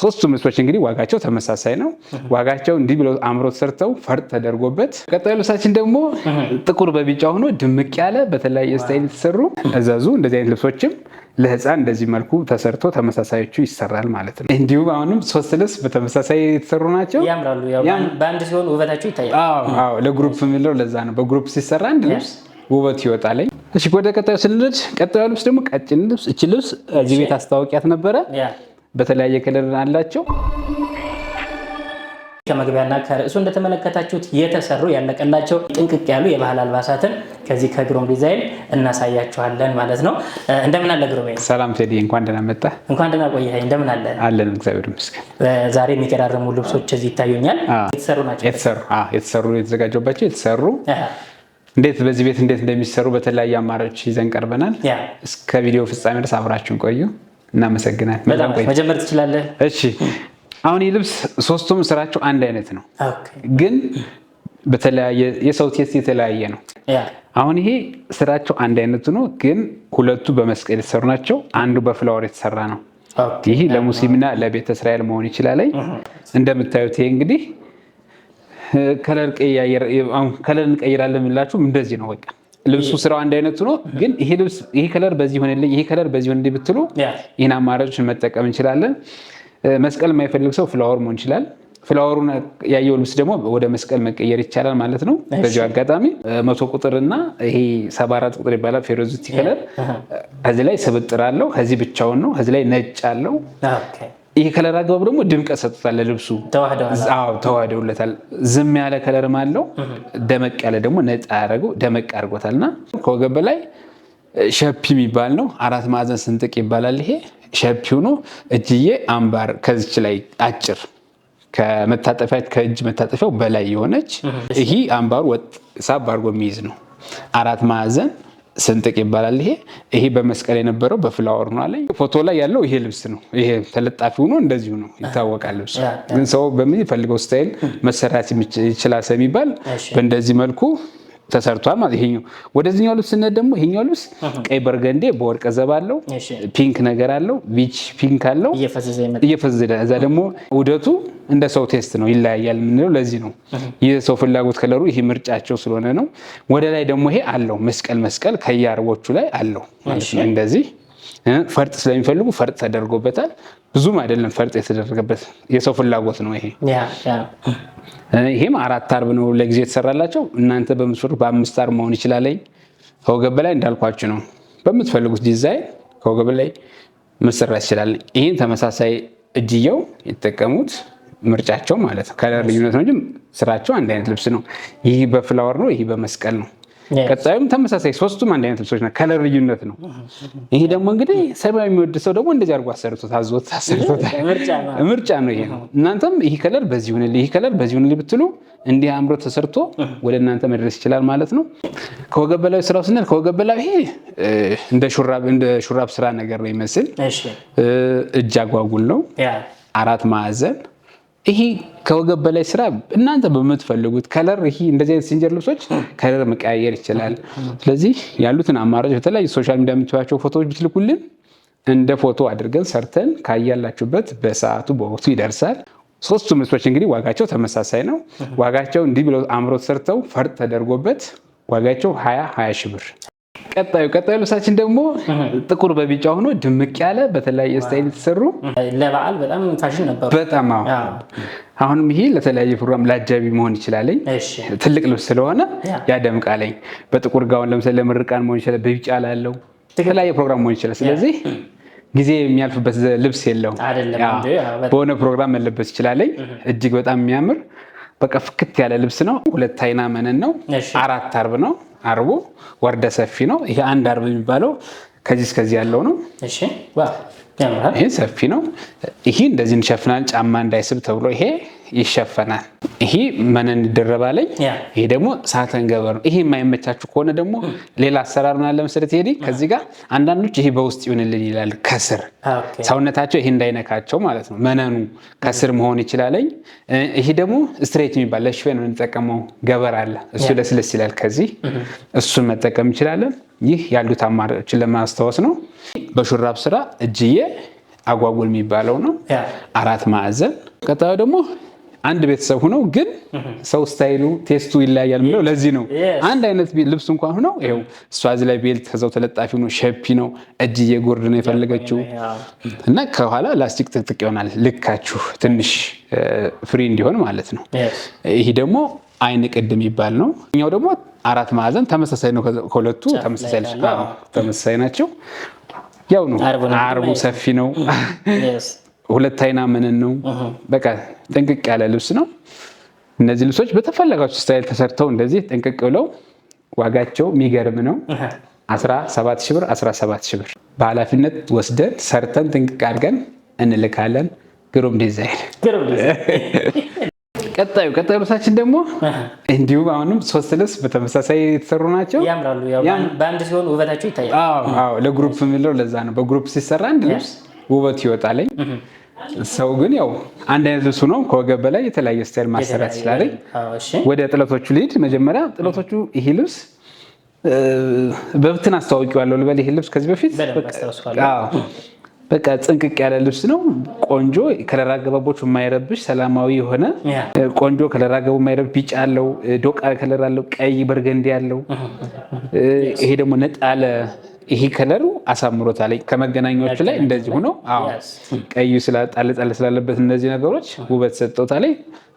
ሶስቱ ምስሎች እንግዲህ ዋጋቸው ተመሳሳይ ነው። ዋጋቸው እንዲህ ብለው አምሮ ሰርተው ፈርጥ ተደርጎበት። ቀጣዩ ልብሳችን ደግሞ ጥቁር በቢጫ ሆኖ ድምቅ ያለ በተለያየ ስታይል የተሰሩ እዘዙ። እንደዚህ አይነት ልብሶችም ለህፃን እንደዚህ መልኩ ተሰርቶ ተመሳሳዮቹ ይሰራል ማለት ነው። እንዲሁም አሁንም ሶስት ልብስ በተመሳሳይ የተሰሩ ናቸው። ያምራሉ። በአንድ ሲሆን ውበታቸው ይታያል። ለግሩፕ የሚለው ለዛ ነው። በግሩፕ ሲሰራ አንድ ልብስ ውበት ይወጣለኝ። እሺ፣ ወደ ቀጣዩ ስንልድ ቀጣዩ ልብስ ደግሞ ቀጭን ልብስ። እች ልብስ እዚህ ቤት አስታወቂያት ነበረ በተለያየ ከለር አላቸው። ከመግቢያና ከርዕሱ እንደተመለከታችሁት የተሰሩ ያለቀላቸው ጥንቅቅ ያሉ የባህል አልባሳትን ከዚህ ከግሩም ዲዛይን እናሳያችኋለን ማለት ነው። እንደምን አለ ግሩም? ሰላም ቴዲ፣ እንኳን ደህና መጣ። እንኳን ደህና ቆየህ። እንደምን አለ? አለን፣ እግዚአብሔር ይመስገን። ዛሬ የሚቀራረሙ ልብሶች እዚህ ይታዩኛል። የተሰሩ ናቸው። የተሰሩ የተዘጋጀባቸው የተሰሩ እንዴት በዚህ ቤት እንዴት እንደሚሰሩ በተለያዩ አማራጮች ይዘን ቀርበናል። እስከ ቪዲዮ ፍጻሜ ድረስ አብራችሁን ቆዩ። እናመሰግናል። መጀመር ትችላለህ። እሺ አሁን ይህ ልብስ ሶስቱም ስራቸው አንድ አይነት ነው፣ ግን በተለያየ የሰው ቴስት የተለያየ ነው። አሁን ይሄ ስራቸው አንድ አይነት ነው፣ ግን ሁለቱ በመስቀል የተሰሩ ናቸው። አንዱ በፍላወር የተሰራ ነው። ይህ ለሙስሊምና ለቤተ እስራኤል መሆን ይችላል። እንደምታዩት ይሄ እንግዲህ ከለር እንቀይራለን የምላችሁም እንደዚህ ነው በቃ ልብሱ ስራው አንድ አይነቱ ነው፣ ግን ይሄ ልብስ ይሄ ከለር በዚህ ሆነልኝ፣ ይሄ ከለር በዚህ ሆነልኝ ብትሉ ይህን አማራጮችን መጠቀም እንችላለን። መስቀል የማይፈልግ ሰው ፍላወር መሆን ይችላል። ፍላወሩን ያየው ልብስ ደግሞ ወደ መስቀል መቀየር ይቻላል ማለት ነው። በዚሁ አጋጣሚ መቶ ቁጥር እና ይሄ ሰባ አራት ቁጥር ይባላል ፌሮዚቲ ከለር ከዚህ ላይ ስብጥር አለው። ከዚህ ብቻውን ነው። ከዚህ ላይ ነጭ አለው። ይሄ ከለር አግባብ ደግሞ ድምቀት ሰጥቶታል ለልብሱ ተዋህደውለታል። ዝም ያለ ከለርም አለው፣ ደመቅ ያለ ደግሞ ነጣ ያደረገው ደመቅ አድርጎታል። እና ከወገብ በላይ ሸፒ የሚባል ነው። አራት ማዕዘን ስንጥቅ ይባላል። ይሄ ሸፒ ሆኖ እጅዬ አምባር ከዚች ላይ አጭር ከመታጠፊያ ከእጅ መታጠፊያው በላይ የሆነች ይህ አምባሩ ወጥ ሳብ አድርጎ የሚይዝ ነው። አራት ማዕዘን ስንጥቅ ይባላል። ይሄ ይሄ በመስቀል የነበረው በፍላወር ነው አለኝ። ፎቶ ላይ ያለው ይሄ ልብስ ነው። ይሄ ተለጣፊ ሆኖ እንደዚሁ ነው ይታወቃል። ልብስ ግን ሰው በሚፈልገው ስታይል መሰራት ይችላል ስለሚባል በእንደዚህ መልኩ ተሰርቷል ማለት ይሄኛው። ወደዚህኛው ልብስ ስነት ደግሞ ይሄኛው ልብስ ቀይ በርገንዴ በወርቅ ዘብ አለው፣ ፒንክ ነገር አለው፣ ቢች ፒንክ አለው እየፈዘዘ እዛ ደግሞ ውደቱ እንደ ሰው ቴስት ነው ይለያያል የምንለው ለዚህ ነው። የሰው ፍላጎት ከለሩ ይሄ ምርጫቸው ስለሆነ ነው። ወደ ላይ ደግሞ ይሄ አለው መስቀል መስቀል ከየአርቦቹ ላይ አለው ማለት ነው እንደዚህ ፈርጥ ስለሚፈልጉ ፈርጥ ተደርጎበታል። ብዙም አይደለም ፈርጥ የተደረገበት የሰው ፍላጎት ነው። ይሄ ይሄም አራት አርብ ነው ለጊዜ የተሰራላቸው። እናንተ በምትፈሩ በአምስት አርብ መሆን ይችላለኝ። ከወገብ በላይ እንዳልኳችሁ ነው። በምትፈልጉት ዲዛይን ከወገብ በላይ መሰራት ይችላል። ይህን ተመሳሳይ እጅየው የተጠቀሙት ምርጫቸው ማለት ነው። ከለር ልዩነት ነው እንጂ ስራቸው አንድ አይነት ልብስ ነው። ይህ በፍላወር ነው፣ ይህ በመስቀል ነው። ቀጣዩም ተመሳሳይ ሶስቱም አንድ አይነት ልብሶች ከለር ልዩነት ነው። ይሄ ደግሞ እንግዲህ ሰማያዊ የሚወድ ሰው ደግሞ እንደዚህ አድርጎ አሰርቶት አዞት አሰርቶታል። ምርጫ ነው ይሄ ነው። እናንተም ይህ ከለር በዚህ ይሁንልህ፣ ይህ ከለር በዚህ ይሁንልህ ብትሉ እንዲህ አእምሮ ተሰርቶ ወደ እናንተ መድረስ ይችላል ማለት ነው። ከወገብ በላዊ ስራው ስንል ከወገብ በላዊ ይሄ እንደ ሹራብ ስራ ነገር ነው ይመስል እጅ አጓጉል ነው አራት ማዕዘን ይሄ ከወገብ በላይ ስራ እናንተ በምትፈልጉት ከለር ይሄ እንደዚህ አይነት ሲንጀር ልብሶች ከለር መቀያየር ይችላል። ስለዚህ ያሉትን አማራጭ በተለያዩ ሶሻል ሚዲያ የምትባቸው ፎቶዎች ብትልኩልን እንደ ፎቶ አድርገን ሰርተን ካያላችሁበት በሰዓቱ በወቅቱ ይደርሳል። ሶስቱ ልብሶች እንግዲህ ዋጋቸው ተመሳሳይ ነው። ዋጋቸው እንዲህ ብለው አምሮት ሰርተው ፈርጥ ተደርጎበት ዋጋቸው ሀያ ሀያ ሺህ ብር ቀጣዩ ቀጣዩ ልብሳችን ደግሞ ጥቁር በቢጫ ሆኖ ድምቅ ያለ በተለያየ ስታይል የተሰሩ ለበዓል በጣም ፋሽን ነበሩ። በጣም አሁንም ይሄ ለተለያየ ፕሮግራም ለአጃቢ መሆን ይችላለኝ። ትልቅ ልብስ ስለሆነ ያደምቃለኝ። በጥቁር ጋውን ለምሳሌ ለምርቃን መሆን ይችላል። በቢጫ ላለው የተለያየ ፕሮግራም መሆን ይችላል። ስለዚህ ጊዜ የሚያልፍበት ልብስ የለውም። በሆነ ፕሮግራም መለበስ ይችላለኝ። እጅግ በጣም የሚያምር በቃ ፍክት ያለ ልብስ ነው። ሁለት አይና መነን ነው። አራት አርብ ነው አርቡ ወርደ ሰፊ ነው። ይሄ አንድ አርብ የሚባለው ከዚህ እስከዚህ ያለው ነው። ይሄ ሰፊ ነው። ይሄ እንደዚህ እንሸፍናል። ጫማ እንዳይስብ ተብሎ ይሄ ይሸፈናል። ይሄ መነን ይደረባለኝ። ይሄ ደግሞ ሳተን ገበር ነው። ይሄ የማይመቻችሁ ከሆነ ደግሞ ሌላ አሰራር ምናለ ለምሳሌ ትሄዲ ከዚህ ጋር አንዳንዶች ይሄ በውስጥ ይሆንልን ይላል። ከስር ሰውነታቸው ይሄ እንዳይነካቸው ማለት ነው። መነኑ ከስር መሆን ይችላለኝ። ይሄ ደግሞ ስትሬት የሚባል ለሽፌን የምንጠቀመው ገበር አለ። እሱ ለስለስ ይላል። ከዚህ እሱን መጠቀም እንችላለን። ይህ ያሉት አማራጮችን ለማስታወስ ነው። በሹራብ ስራ እጅዬ አጓጉል የሚባለው ነው። አራት ማዕዘን። ቀጣዩ ደግሞ አንድ ቤተሰብ ሁነው ግን ሰው ስታይሉ ቴስቱ ይለያያል የምለው ለዚህ ነው። አንድ አይነት ልብስ እንኳን ሁነው ይኸው እሷ እዚህ ላይ ቤልት ከዛው ተለጣፊ ነው፣ ሸፒ ነው፣ እጅዬ ጉርድ ነው የፈለገችው እና ከኋላ ላስቲክ ጥቅጥቅ ይሆናል ልካችሁ ትንሽ ፍሪ እንዲሆን ማለት ነው። ይህ ደግሞ አይን ቅድ የሚባል ነው። እኛው ደግሞ አራት ማዕዘን ተመሳሳይ ነው። ከሁለቱ ተመሳሳይ ናቸው። ያው ነው አርቡ ሰፊ ነው። ሁለት አይና ምንን ነው። በቃ ጥንቅቅ ያለ ልብስ ነው። እነዚህ ልብሶች በተፈለጋቸው ስታይል ተሰርተው እንደዚህ ጥንቅቅ ብለው ዋጋቸው የሚገርም ነው። 17 ሺህ ብር 17 ሺህ ብር በኃላፊነት ወስደን ሰርተን ጥንቅቅ አድርገን እንልካለን። ግሩም ዲዛይን ቀጣዩ ቀጣዩ ልብሳችን ደግሞ እንዲሁም አሁንም ሶስት ልብስ በተመሳሳይ የተሰሩ ናቸው። በአንድ ሲሆን ውበታቸው ይታያል። ለግሩፕ የሚለው ለዛ ነው። በግሩፕ ሲሰራ አንድ ልብስ ውበት ይወጣለኝ። ሰው ግን ያው አንድ አይነት ልብሱ ነው። ከወገብ በላይ የተለያየ ስታይል ማሰራት ይችላለኝ። ወደ ጥለቶቹ ልሂድ። መጀመሪያ ጥለቶቹ ይሄ ልብስ በብትን አስተዋውቂዋለሁ ልበል። ይሄ ልብስ ከዚህ በፊት በቃ ጥንቅቅ ያለ ልብስ ነው። ቆንጆ ከለር አገባቦች የማይረብሽ ሰላማዊ የሆነ ቆንጆ ከለር አገቡ የማይረብሽ ቢጫ አለው፣ ዶቃ ከለር አለው፣ ቀይ በርገንዲ አለው። ይሄ ደግሞ ነጣ ያለ ይሄ ከለሩ አሳምሮታል። ከመገናኛዎቹ ላይ እንደዚህ ሆኖ ቀዩ ጣለጣለ ስላለበት እነዚህ ነገሮች ውበት ሰጠውታል።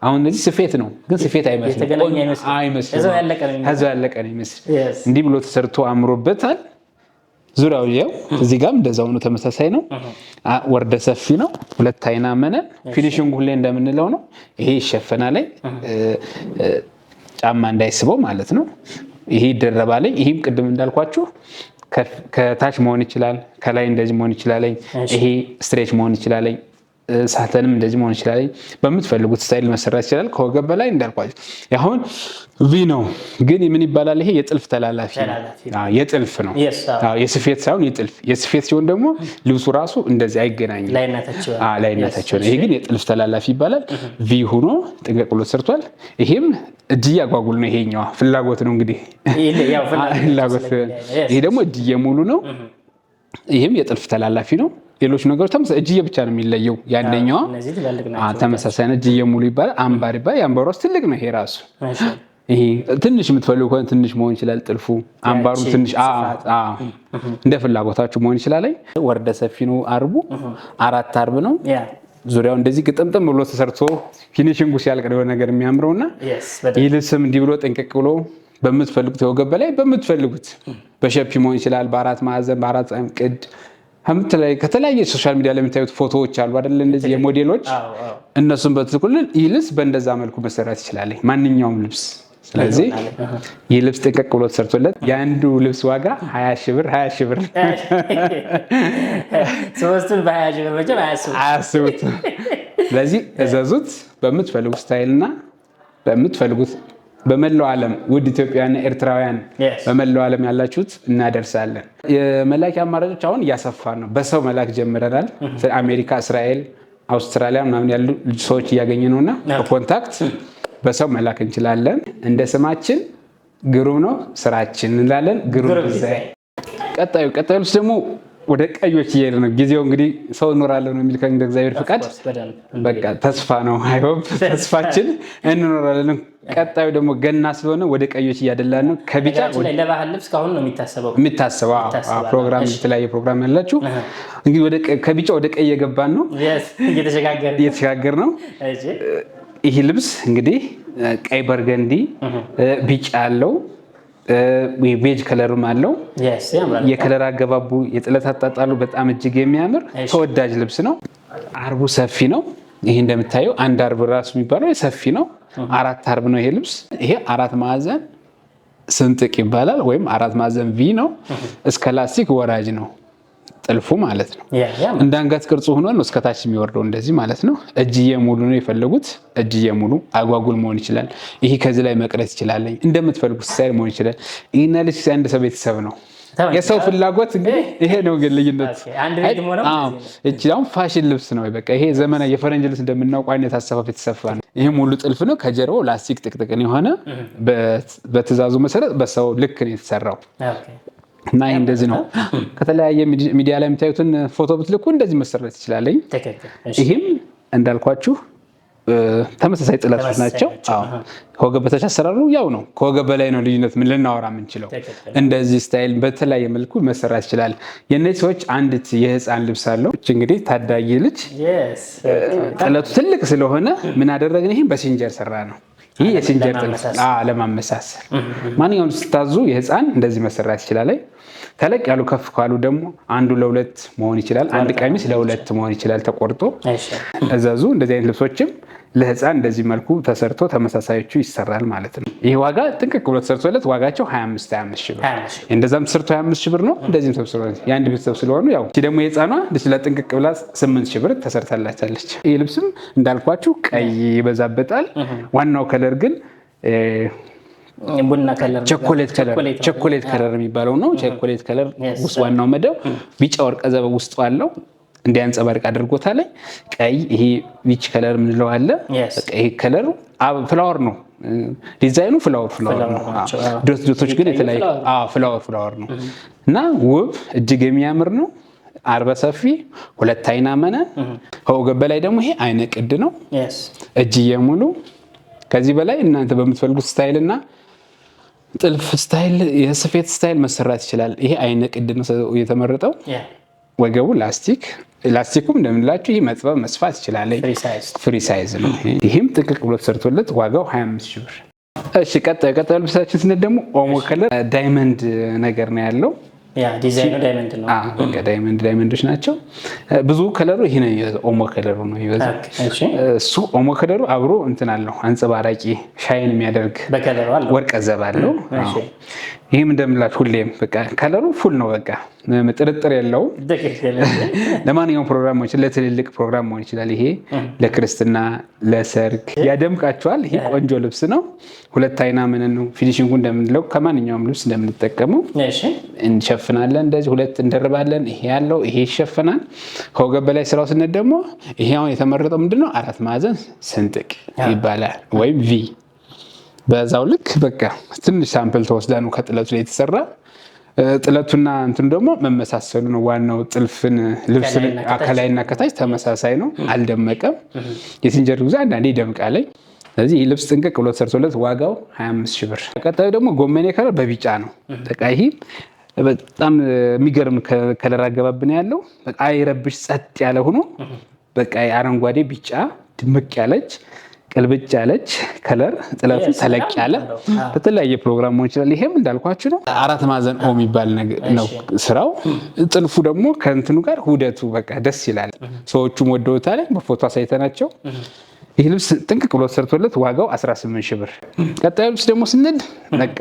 አሁን እነዚህ ስፌት ነው፣ ግን ስፌት አይመስልም፣ ያለቀ ነው ይመስል እንዲህ ብሎ ተሰርቶ አምሮበታል። ዙሪያው ይኸው እዚህ ጋም እንደዛ ነው፣ ተመሳሳይ ነው። ወርደ ሰፊ ነው። ሁለት አይና መነ ፊኒሽንግ ሁሌ እንደምንለው ነው። ይሄ ይሸፈና ላይ ጫማ እንዳይስበው ማለት ነው። ይሄ ይደረባ ላይ ይህም ቅድም እንዳልኳችሁ ከታች መሆን ይችላል፣ ከላይ እንደዚህ መሆን ይችላለኝ። ይሄ ስትሬች መሆን ይችላለኝ። ሳተንም እንደዚህ መሆን ይችላል። በምትፈልጉት ስታይል መሰራት ይችላል። ከወገብ በላይ እንዳልኳቸው አሁን ቪ ነው፣ ግን ምን ይባላል? ይሄ የጥልፍ ተላላፊ የጥልፍ ነው፣ የስፌት ሳይሆን የጥልፍ። የስፌት ሲሆን ደግሞ ልብሱ ራሱ እንደዚህ አይገናኝም፣ ነው። ይሄ ግን የጥልፍ ተላላፊ ይባላል። ቪ ሆኖ ጥንቀቅሎት ሰርቷል። ይሄም እጅዬ አጓጉል ነው። ይሄኛዋ ፍላጎት ነው እንግዲህ፣ ይሄ ደግሞ እጅዬ ሙሉ ነው። ይህም የጥልፍ ተላላፊ ነው። ሌሎች ነገሮች ተመሳሳይ እጅዬ ብቻ ነው የሚለየው። ያንደኛዋ ተመሳሳይ ነው። እጅዬ ሙሉ ይባላል። አምባር ይባላል። የአምባሩ ውስጥ ትልቅ ነው። ይሄ ራሱ ይሄ ትንሽ የምትፈልጉ ከሆነ ትንሽ መሆን ይችላል። ጥልፉ አምባሩ ትንሽ እንደ ፍላጎታችሁ መሆን ይችላል። ወርደ ሰፊ ነው። አርቡ አራት አርብ ነው። ዙሪያው እንደዚህ ግጥምጥም ብሎ ተሰርቶ ፊኒሽንጉ ሲያልቅ ነገር የሚያምረውና ይህ ልብስም እንዲህ ብሎ ጥንቅቅ ብሎ በምትፈልጉት የወገብ በላይ በምትፈልጉት በሸፒ መሆን ይችላል። በአራት ማዕዘን በአራት ጻም ቅድ ከተለያየ ሶሻል ሚዲያ ለሚታዩት ፎቶዎች አሉ አይደለ? እንደዚህ የሞዴሎች እነሱን በትልኩልን ይህ ልብስ በእንደዛ መልኩ መሰራት ይችላል፣ ማንኛውም ልብስ። ስለዚህ ይህ ልብስ ጥንቀቅ ብሎ ተሰርቶለት የአንዱ ልብስ ዋጋ ሀያ ሺህ ብር ሀያ ሺህ ብር ሶስቱን በሀያ ሺህ ብር መቼም አያስቡት። ስለዚህ እዘዙት በምትፈልጉት ስታይልና በምትፈልጉት በመላው ዓለም ውድ ኢትዮጵያውያንና ኤርትራውያን በመላው ዓለም ያላችሁት እናደርሳለን። የመላኪያ አማራጮች አሁን እያሰፋን ነው። በሰው መላክ ጀምረናል። አሜሪካ፣ እስራኤል፣ አውስትራሊያ ምናምን ያሉ ሰዎች እያገኘ ነው እና በኮንታክት በሰው መላክ እንችላለን። እንደ ስማችን ግሩም ነው ስራችን እንላለን። ግሩም ቀጣዩ ቀጣዩ ደግሞ ወደ ቀዮች እየሄድ ነው። ጊዜው እንግዲህ ሰው እንኖራለን የሚል እንደ እግዚአብሔር ፍቃድ በቃ ተስፋ ነው። አይ ሆፕ ተስፋችን እንኖራለን። ቀጣዩ ደግሞ ገና ስለሆነ ወደ ቀዮች እያደላን ነው። ከቢጫ ለባህል ልብስ ካሁን ነው የሚታሰበው የሚታሰበው ፕሮግራም፣ የተለያየ ፕሮግራም ያላችሁ እንግዲህ ከቢጫ ወደ ቀይ እየገባን ነው፣ እየተሸጋገር ነው። ይህ ልብስ እንግዲህ ቀይ በርገንዲ ቢጫ ያለው ቤጅ ከለርም አለው። የከለር አገባቡ የጥለት አጣጣሉ በጣም እጅግ የሚያምር ተወዳጅ ልብስ ነው። አርቡ ሰፊ ነው። ይህ እንደምታየው አንድ አርብ ራሱ የሚባለው ሰፊ ነው። አራት አርብ ነው ይሄ ልብስ። ይሄ አራት ማዕዘን ስንጥቅ ይባላል፣ ወይም አራት ማዕዘን ቪ ነው። እስከ ላስቲክ ወራጅ ነው። ጥልፉ ማለት ነው። እንደ አንገት ቅርጹ ሆኖ ነው እስከታች የሚወርደው እንደዚህ ማለት ነው። እጅዬ ሙሉ ነው የፈለጉት። እጅዬ ሙሉ አጓጉል መሆን ይችላል። ይሄ ከዚህ ላይ መቅረት ይችላል። እንደምትፈልጉት ስታይል መሆን ይችላል። ይህና ልጅ አንድ ሰው ቤተሰብ ነው። የሰው ፍላጎት ይሄ ነው። ግን ልዩነት ፋሽን ልብስ ነው። በቃ ይሄ ዘመና የፈረንጅ ልብስ እንደምናውቀው አይነት አሰፋፍ የተሰፋ ነው። ይህ ሙሉ ጥልፍ ነው። ከጀርባው ላስቲክ ጥቅጥቅን የሆነ በትዕዛዙ መሰረት በሰው ልክ ነው የተሰራው። እና ይህ እንደዚህ ነው። ከተለያየ ሚዲያ ላይ የምታዩትን ፎቶ ብትልኩ እንደዚህ መሰረት ይችላለኝ። ይህም እንዳልኳችሁ ተመሳሳይ ጥለቶች ናቸው። ከወገብ በታች አሰራሩ ያው ነው። ከወገብ በላይ ነው ልዩነት ልናወራ የምንችለው። እንደዚህ ስታይል በተለያየ መልኩ መሰራት ይችላል። የእነዚህ ሰዎች አንዲት የህፃን ልብስ አለው። እንግዲህ ታዳጊ ልጅ ጥለቱ ትልቅ ስለሆነ ምን አደረግን? ይህም በሲንጀር ሰራ ነው ይህ የሲንጀር ጥብስ ለማመሳሰል ማንኛውም ስታዙ የህፃን እንደዚህ መሰራት ይችላል። ተለቅ ያሉ ከፍ ካሉ ደግሞ አንዱ ለሁለት መሆን ይችላል። አንድ ቀሚስ ለሁለት መሆን ይችላል ተቆርጦ እዘዙ። እንደዚህ አይነት ልብሶችም ለህፃን እንደዚህ መልኩ ተሰርቶ ተመሳሳዮቹ ይሰራል ማለት ነው። ይህ ዋጋ ጥንቅቅ ብሎ ተሰርቶለት ዋጋቸው 25 25 ሺህ ብር እንደዛም ተሰርቶ 25 ሺህ ብር ነው። እንደዚህም ሰብስበ የአንድ ቤተሰብ ስለሆኑ ያው ደግሞ የህፃኗ ልጅ ለጥንቅቅ ብላ 8 ሺህ ብር ተሰርታላቻለች። ይህ ልብስም እንዳልኳችሁ ቀይ ይበዛበታል። ዋናው ከለር ግን ቡና ከለር ቸኮሌት ከለር የሚባለው ነው። ቸኮሌት ከለር ውስጥ ዋናው መደብ ቢጫ ወርቀ ዘበብ ውስጡ አለው። እንዲያንጸባርቅ አድርጎታል። ቀይ ይሄ ቪች ከለር ምንለው አለ። ይሄ ከለር ፍላወር ነው ዲዛይኑ ፍላወር ፍላወር ነው። ዶት ዶቶች ግን የተለያዩ ፍላወር ፍላወር ነው እና ውብ እጅግ የሚያምር ነው። አርበ ሰፊ ሁለት አይና መነ ከወገብ በላይ ደግሞ ይሄ አይነ ቅድ ነው። እጅዬ ሙሉ ከዚህ በላይ እናንተ በምትፈልጉት ስታይል እና ጥልፍ ስታይል የስፌት ስታይል መሰራት ይችላል። ይሄ አይነ ቅድ ነው የተመረጠው። ወገቡ ላስቲክ ኤላስቲኩም እንደምንላችሁ ይህ መጥበብ መስፋት ይችላል። ፍሪ ሳይዝ ነው። ይህም ጥቅቅ ብሎ ተሰርቶለት ዋጋው 25 ሺህ ብር። እሺ ቀጣዩ ቀጣዩ ልብሳችን ስንል ደግሞ ኦሞ ከለር ዳይመንድ ነገር ነው ያለው ዲዛይኑ ዳይመንድ ዳይመንዶች ናቸው። ብዙ ከለሩ ይህ ኦሞ ከለሩ ነው ይበዛ። እሱ ኦሞ ከለሩ አብሮ እንትን አለው አንጸባራቂ ሻይን የሚያደርግ ወርቀ ዘብ አለው። ይህም እንደምላችሁ ሁሌም በቃ ከለሩ ፉል ነው፣ በቃ ጥርጥር የለውም። ለማንኛውም ይችላል፣ ለትልልቅ ፕሮግራም መሆን ይችላል። ይሄ ለክርስትና፣ ለሰርግ ያደምቃቸዋል። ይሄ ቆንጆ ልብስ ነው። ሁለት አይና ምን ነው ፊኒሽንጉ እንደምንለው ከማንኛውም ልብስ እንደምንጠቀመው እንሸፍናለን። እንደዚህ ሁለት እንደርባለን። ይሄ ያለው ይሄ ይሸፍናል። ከወገብ በላይ ስራው ስነት ደግሞ ይሄ አሁን የተመረጠው ምንድነው አራት ማዕዘን ስንጥቅ ይባላል ወይም ቪ በዛው ልክ በቃ ትንሽ ሳምፕል ተወስዳ ነው ከጥለቱ ላይ የተሰራ ጥለቱና እንትን ደግሞ መመሳሰሉ ነው ዋናው። ጥልፍን ልብስ ከላይና ከታች ተመሳሳይ ነው፣ አልደመቀም። የሲንጀር ጉዞ አንዳንዴ ይደምቃለኝ። ስለዚህ ይህ ልብስ ጥንቅቅ ብሎ ተሰርቶለት ዋጋው 25 ሺህ ብር። ቀጣዩ ደግሞ ጎመኔ ከለር በቢጫ ነው። በቃ ይህ በጣም የሚገርም ከለር አገባብን ያለው በቃ አይረብሽ፣ ጸጥ ያለ ሆኖ በቃ አረንጓዴ ቢጫ ድምቅ ያለች ቅልብጭ ያለች ከለር ጥለቱ ተለቅ ያለ በተለያየ ፕሮግራም መሆን ይችላል። ይሄም እንዳልኳችሁ ነው። አራት ማዕዘን ኦ የሚባል ነው ስራው። ጥልፉ ደግሞ ከእንትኑ ጋር ውደቱ በቃ ደስ ይላል። ሰዎቹም ወደውታል። በፎቶ አሳይተናቸው ይህ ልብስ ጥንቅቅ ብሎ ተሰርቶለት ዋጋው 18 ሺህ ብር። ቀጣዩ ልብስ ደግሞ ስንል በቃ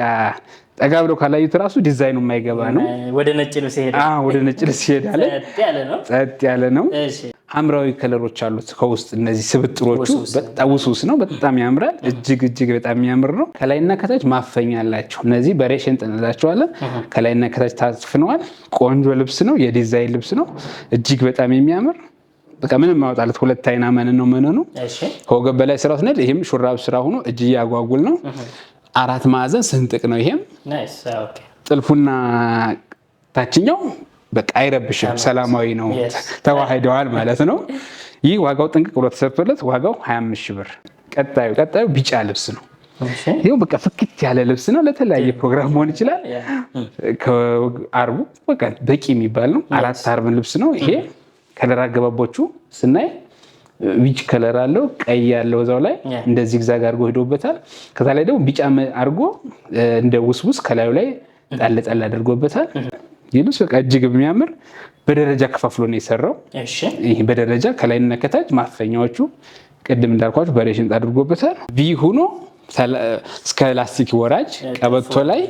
ጠጋ ብለው ካላዩት ራሱ ዲዛይኑ የማይገባ ነው። ወደ ነጭ ልብስ ይሄዳል። ጸጥ ያለ ነው። ሐምራዊ ከለሮች አሉት ከውስጥ እነዚህ ስብጥሮቹ በጣም ውስውስ ነው። በጣም ያምራል። እጅግ እጅግ በጣም የሚያምር ነው። ከላይና ከታች ማፈኛ አላቸው። እነዚህ በሬሽን እንላቸዋለን። ከላይና ከታች ታፍነዋል። ቆንጆ ልብስ ነው። የዲዛይን ልብስ ነው። እጅግ በጣም የሚያምር በቃ ምንም ማውጣለት ሁለት አይና መን ነው መነኑ ከወገብ በላይ ስራ ስንል ይህም ሹራብ ስራ ሆኖ እጅ እያጓጉል ነው። አራት ማዕዘን ስንጥቅ ነው። ይሄም ጥልፉና ታችኛው በቃ አይረብሽም፣ ሰላማዊ ነው፣ ተዋህደዋል ማለት ነው። ይህ ዋጋው ጥንቅቅ ብሎ ተሰርቶለት ዋጋው 25 ሺህ ብር። ቀጣዩ ቀጣዩ ቢጫ ልብስ ነው። ይኸው በቃ ፍክት ያለ ልብስ ነው። ለተለያየ ፕሮግራም መሆን ይችላል። አርቡ በቃ በቂ የሚባል ነው። አራት አርብ ልብስ ነው ይሄ። ከለር አገባቦቹ ስናይ ቢጭ ከለር አለው ቀይ ያለው እዛው ላይ እንደ ዚግዛግ አድርጎ ሄዶበታል። ከዛ ላይ ደግሞ ቢጫ አድርጎ እንደ ውስውስ ከላዩ ላይ ጣል ጣል አድርጎበታል። mm-hmm. ጂኑስ በቃ እጅግ የሚያምር በደረጃ ከፋፍሎ ነው የሰራው። ይህ በደረጃ ከላይና ከታች ማፈኛዎቹ ቅድም እንዳልኳችሁ በሬ ሽንጥ አድርጎበታል። ቪ ሁኖ እስከ ላስቲክ ወራጅ ቀበቶ ላይ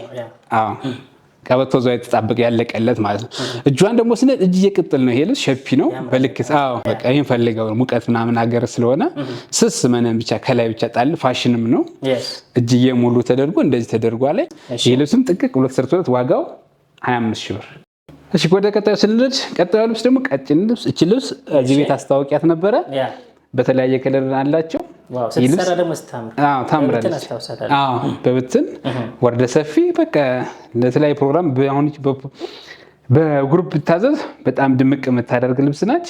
ቀበቶ እዛው የተጣበቀ ያለቀለት ማለት ነው። እጇን ደግሞ ስነት እጅ እየቅጥል ነው። ይሄ ልብስ ሸፒ ነው በልክት በቃ ይህን ፈልገው ሙቀት ምናምን ሀገር ስለሆነ ስስ መነን ብቻ ከላይ ብቻ ጣል ፋሽንም ነው። እጅ ሙሉ ተደርጎ እንደዚህ ተደርጓ ላይ ይህ ልብስም ጥቅቅ ብሎ ተሰርቶለት ዋጋው 25 ሺ ብር። እሺ ወደ ቀጣዩ ስንሄድ ቀጣዩ ልብስ ደግሞ ቀጭን ልብስ። እቺ ልብስ እዚህ ቤት አስታወቂያት ነበረ። በተለያየ ከለር አላቸው። ታምራለች በብትን ወርደ ሰፊ በቃ ለተለያየ ፕሮግራም አሁን በግሩፕ ብታዘዝ በጣም ድምቅ የምታደርግ ልብስ ናች።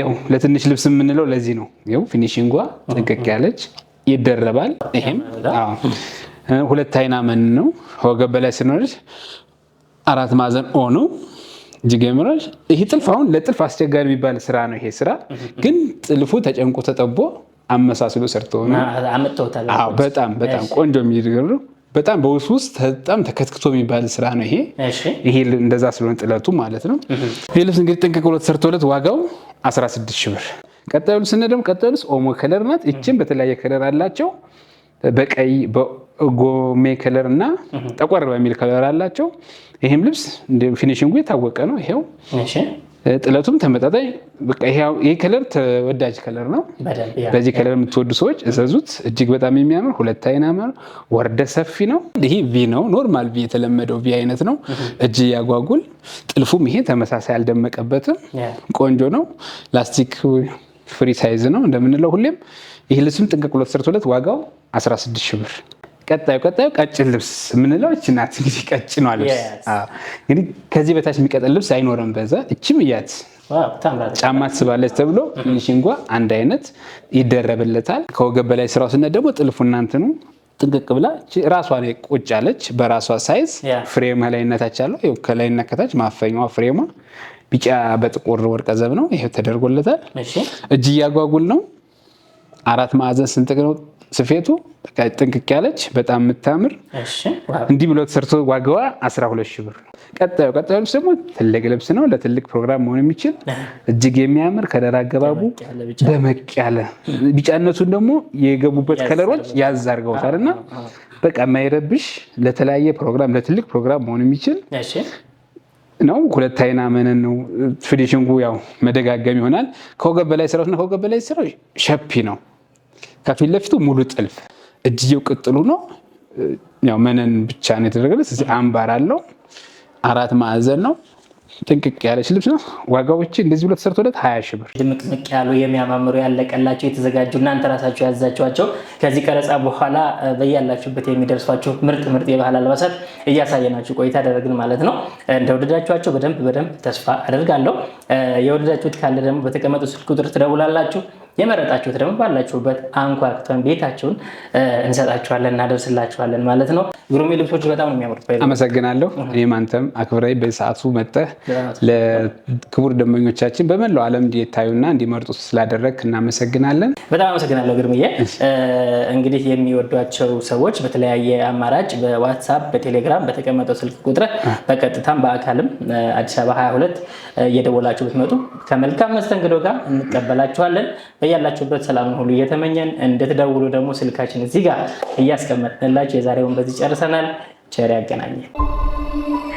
ያው ለትንሽ ልብስ የምንለው ለዚህ ነው። ያው ፊኒሽንጓ ጥንቅቅ ያለች ይደረባል። ይሄም ሁለት አይና መን ነው ወገብ በላይ ስንሆነች አራት ማዕዘን ኦ ነው። ጅገምራሽ ይህ ጥልፍ አሁን ለጥልፍ አስቸጋሪ የሚባል ስራ ነው። ይሄ ስራ ግን ጥልፉ ተጨንቆ ተጠቦ አመሳስሎ ሰርቶ ነው። በጣም በጣም ቆንጆ የሚድገሩ በጣም በውስ ውስጥ በጣም ተከትክቶ የሚባል ስራ ነው ይሄ ይሄ እንደዛ ስለሆነ ጥለቱ ማለት ነው። ይህ ልብስ እንግዲህ ጥንቅቅ ብሎ ተሰርቶለት ዋጋው 16 ሺህ ብር። ቀጣዩ ልብስ ደግሞ ቀጣዩ ልብስ ኦሞ ከለር ናት። ይችን በተለያየ ከለር አላቸው በቀይ በጎሜ ከለር እና ጠቆር በሚል ከለር አላቸው። ይህም ልብስ ፊኒሽንጉ የታወቀ ነው። ይሄው ጥለቱም ተመጣጣኝ ይህ ከለር ተወዳጅ ከለር ነው። በዚህ ከለር የምትወዱ ሰዎች እዘዙት። እጅግ በጣም የሚያምር ሁለት አይና ወርደ ሰፊ ነው። ይህ ቪ ነው፣ ኖርማል ቪ የተለመደው ቪ አይነት ነው። እጅ ያጓጉል። ጥልፉም ይሄ ተመሳሳይ አልደመቀበትም። ቆንጆ ነው። ላስቲክ ፍሪ ሳይዝ ነው እንደምንለው ሁሌም። ይህ ልብስም ጥንቅቅሎት ስርት ሁለት ዋጋው 16 ሺህ ብር። ቀጣዩ ቀጣዩ ቀጭን ልብስ የምንለው እች ናት። እንግዲህ ቀጭኗ ልብስ እንግዲህ ከዚህ በታች የሚቀጥል ልብስ አይኖርም። በዛ እችም እያት ጫማ ትስባለች ተብሎ ትንሽ አንድ አይነት ይደረብለታል። ከወገብ በላይ ስራው ስነት ደግሞ ጥልፉ እናንትኑ ጥንቅቅ ብላ ራሷ ላይ ቁጭ አለች። በራሷ ሳይዝ ፍሬም ከላይነታች አለው ከላይና ከታች ማፈኛዋ ፍሬሟ ቢጫ በጥቁር ወርቀ ዘብ ነው። ይሄ ተደርጎለታል። እጅ እያጓጉል ነው። አራት ማዕዘን ስንጥቅ ነው ስፌቱ ጥንቅቅ ያለች በጣም የምታምር እንዲህ ብሎ ተሰርቶ ዋጋዋ 12 ሺህ ብር ቀጣዩ ቀጣዩ ልብስ ደግሞ ትልቅ ልብስ ነው። ለትልቅ ፕሮግራም መሆን የሚችል እጅግ የሚያምር ከለር አገባቡ ደመቅ ያለ ቢጫነቱን ደግሞ የገቡበት ከለሮች ያዝ አድርገውታል እና በቃ የማይረብሽ ለተለያየ ፕሮግራም ለትልቅ ፕሮግራም መሆን የሚችል ነው። ሁለት አይና መነን ነው። ፊኒሽንጉ ያው መደጋገም ይሆናል። ከወገብ በላይ ስራዎች እና ከወገብ በላይ ስራዎች ሸፒ ነው። ከፊት ለፊቱ ሙሉ ጥልፍ እጅየው ቅጥሉ ነው። ያው መነን ብቻ ነው የተደረገለት። እዚህ አምባር አለው። አራት ማዕዘን ነው። ጥንቅቅ ያለች ልብስ ነው። ዋጋዎች እንደዚህ ብሎ ተሰርቶለት ሀያ ሺህ ብር። ድምቅምቅ ያሉ የሚያማምሩ ያለቀላቸው የተዘጋጁ እናንተ ራሳቸው ያዘዛችኋቸው ከዚህ ቀረጻ በኋላ በያላችሁበት የሚደርሷችሁ ምርጥ ምርጥ የባህል አልባሳት እያሳየናችሁ ቆይታ አደረግን ማለት ነው። እንደወደዳችኋቸው በደንብ በደንብ ተስፋ አደርጋለሁ። የወደዳችሁት ካለ ደግሞ በተቀመጡ ስልክ ቁጥር ትደውላላችሁ። የመረጣችሁት ደግሞ ባላችሁበት አንኳክተን ቤታችሁን እንሰጣችኋለን እናደርስላችኋለን ማለት ነው። ግሩሜ ልብሶች በጣም ነው የሚያምሩት። አመሰግናለሁ። እኔም አንተም አክብራይ በሰዓቱ መጠህ ለክቡር ደንበኞቻችን በመላው ዓለም እንዲታዩና እንዲመርጡ ስላደረግ እናመሰግናለን። በጣም አመሰግናለሁ ግርምዬ። እንግዲህ የሚወዷቸው ሰዎች በተለያየ አማራጭ በዋትሳፕ በቴሌግራም በተቀመጠው ስልክ ቁጥር በቀጥታም በአካልም አዲስ አበባ 22 እየደወላችሁ ብትመጡ ከመልካም መስተንግዶ ጋር እንቀበላችኋለን። በያላችሁበት ሰላምን ሁሉ እየተመኘን እንድትደውሉ ደግሞ ስልካችን እዚህ ጋር እያስቀመጥንላችሁ የዛሬውን በዚህ ጨርሰናል። ቸር ያገናኘን።